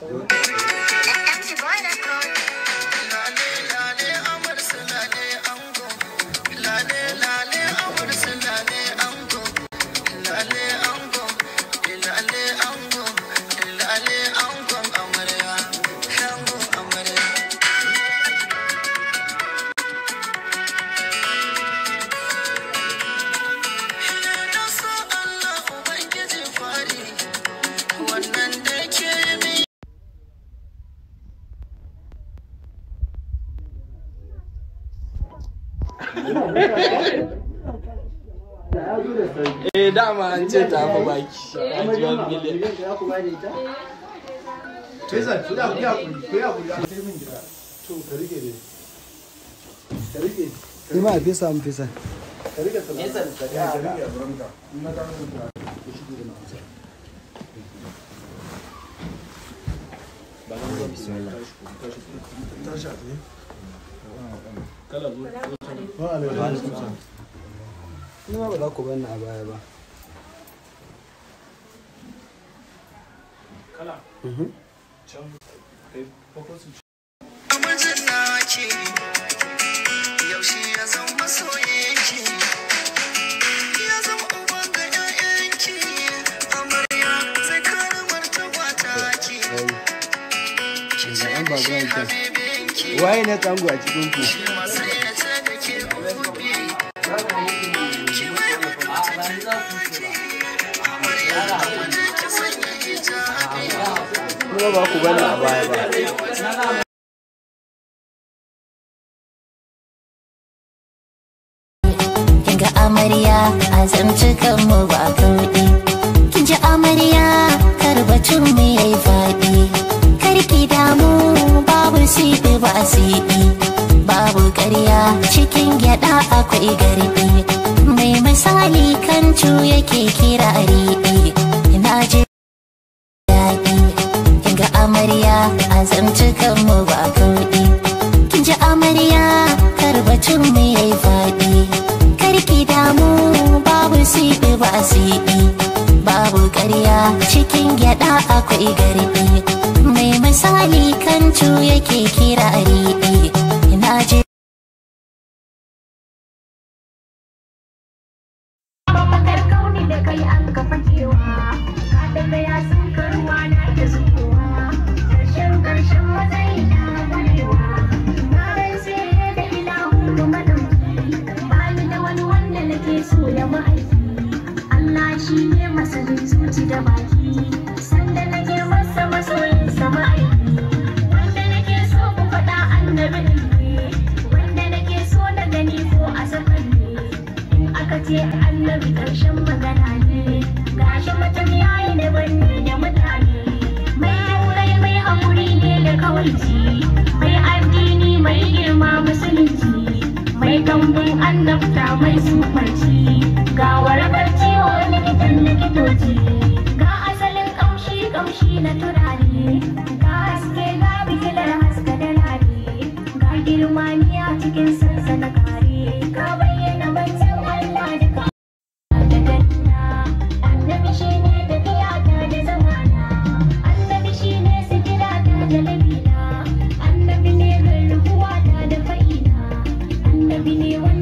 Good. eh dama an ce ta fa baki an ji wani miliyan ku da ku ya kuri, ku ya kuri, an sai min gida. To, ka rike ne. Ka rike. Ni ma a fesa mun fesa. Ka rike ta. Fesa ka ga ka rike buranka. Ni ma ka rike ta. Ku shi gida na. Balan da bismillah. Tashi. Tashi. Kala Nima ba za ku ni a baya ba. Kala. Can kai fokusu. Kamajin na ke yaushe ya ya zama uba ga zai da na tango a cikin ku? kuma ba ga amarya a zance kanmu ba kauɗi kin ji amarya kar mu yayi faɗi karki damu babu siɗi ba siɗi babu ƙarya cikin gyaɗa akwai garbi mai misali kan cu yake kirari alamu babu siɗi ba siɗi babu ƙarya cikin gyaɗa akwai garɗi mai misali kan yake yake kirari annabta mai sufanci ga warakar ciwo likitan likitoci ga asalin kamshi kamshi na turare ga haske ga bikilar haska da rari ga girmaniya cikin sansana kare ka bayyana banzan Allah da ka annabi shi ne tafiya ta da zamana annabi shi ne sikira ta da labina annabi ne garkuwa ta da fa'ina annabi ne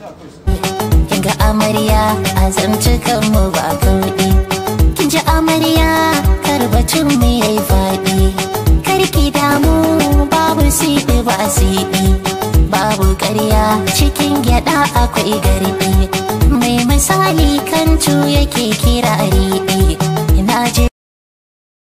Kin ga amarya a kan mu ba kauɗi. Kin ji amarya karbacin mu yayi faɗi. Kar ki damu babu siɗi ba siɗi. Babu ƙarya cikin gyaɗa akwai garbi. Mai misali kan yake kira riɗi.